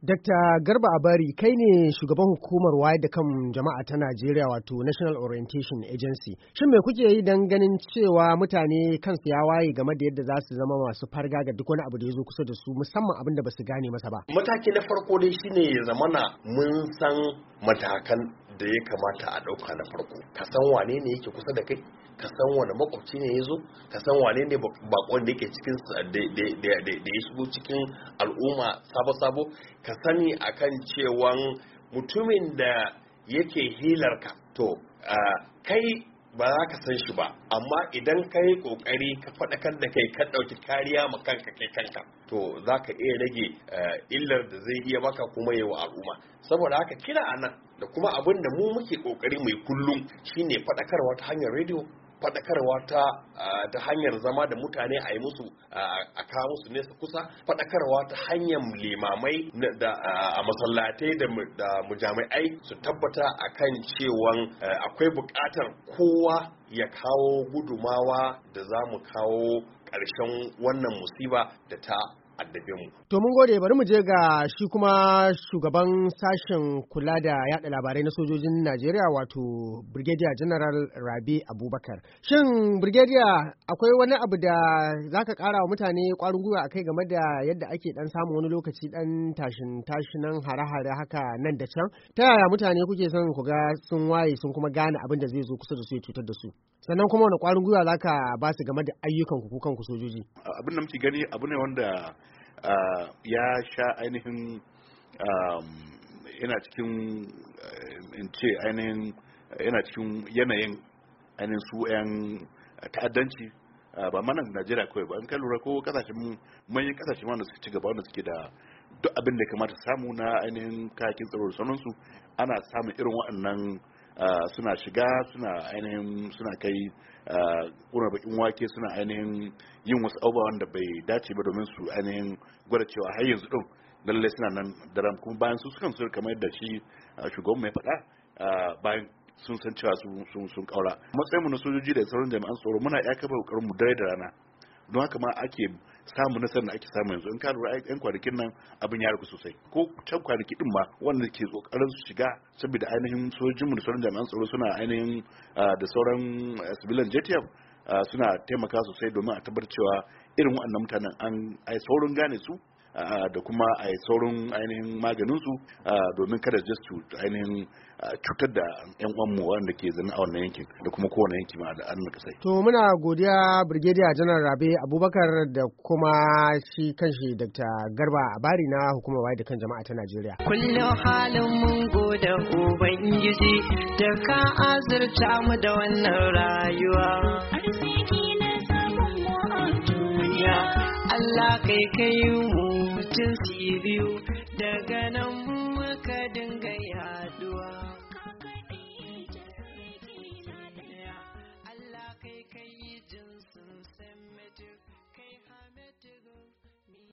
Dr. Garba Abari kai ne shugaban hukumar wayar da kan jama'a ta Najeriya wato National Orientation Agency. Shin me kuke yi don ganin cewa mutane kansu ya waye game da yadda za su zama masu farga ga duk wani abu da ya zo kusa da su musamman abin da ba su gane masa ba? Mataki na farko dai shine ya zamana mun san matakan da ya kamata a ɗauka na farko. Ka san wane ne yake kusa da kai? ka san wani makwabci ne ya zo ka san wane ne bakon da yake cikin da ya shigo cikin al'umma sabo-sabo ka sani akan cewan mutumin da yake hilarka to kai ba za ka san shi ba amma idan ka yi kokari ka faɗakar da kai ka ɗauki kariya ma kanka kai kanka to za ka iya rage illar da zai iya maka kuma yi wa al'umma saboda haka kira a nan da kuma abinda mu muke kokari mai kullum shine faɗakarwa ta hanyar rediyo faɗakarwa ta ta hanyar zama da mutane a yi musu a kawo musu nesa kusa faɗakarwa ta hanyar limamai da a masallatai da mujami'ai su tabbata a kan cewan akwai buƙatar kowa ya kawo gudumawa da za mu kawo ƙarshen wannan musiba da ta addabinmu. To mun gode bari mu je ga shi kuma shugaban sashen kula da yada labarai na sojojin Najeriya wato Brigadier General Rabi Abubakar. Shin Brigadier akwai wani abu da za ka kara wa mutane kwarin gwiwa akai game da yadda ake dan samun wani lokaci dan tashin tashinan hare-hare haka nan da can? Ta yaya mutane kuke son ku ga sun waye sun kuma gane abin da zai zo kusa da su ya cutar da su? Sannan kuma wani kwarin gwiwa za ka ba su game da ayyukan ku kanku, sojoji? Abin da muke gani abu ne wanda ya sha ainihin yana um, cikin eh, in ce ainihin yana cikin yanayin ainihin su 'yan ta'addanci ba mana najeriya kawai ba in ka lura ko kasashen manyan kasashe wanda suke ci gaba wanda suke da duk abin da kamata samu na ainihin kayakin tsaro da sauransu ana samun irin waɗannan suna shiga suna ainihin suna kai kuna bakin wake suna ainihin yin wasu abubuwa da bai dace ba domin su ainihin gwada cewa har yanzu din lallai suna nan daram kuma bayan su suka su kamar yadda shi shugaban mai faɗa bayan sun san cewa sun sun kaura matsayin mu na sojoji da sauran jami'an tsaro muna iya kafa kokarin mu dare da rana don haka ma ake samu nasarar da ake samu yanzu in ka lura yan kwanakin nan abin ya ragu sosai ko can kwanaki din ma wanda ke kokarin su shiga saboda ainihin sojojinmu da sauran jami'an tsaro suna ainihin da sauran civilian JTF suna taimaka sosai domin a tabbatar cewa irin waɗannan mutanen an saurin gane su da kuma a yi saurin ainihin maganinsu domin kada just to ainihin cutar da yan uwanmu wanda ke zana a wannan yankin da kuma kowane yanki ma da an kasai. to muna godiya brigadier janar rabe abubakar da kuma shi kanshi dr garba abari na hukumar wayar da kan jama'a ta najeriya. kullum halin mun goda ubangiji da ka azurta mu da wannan rayuwa. za kai kai mu jinsi biyu daga nan muka dinga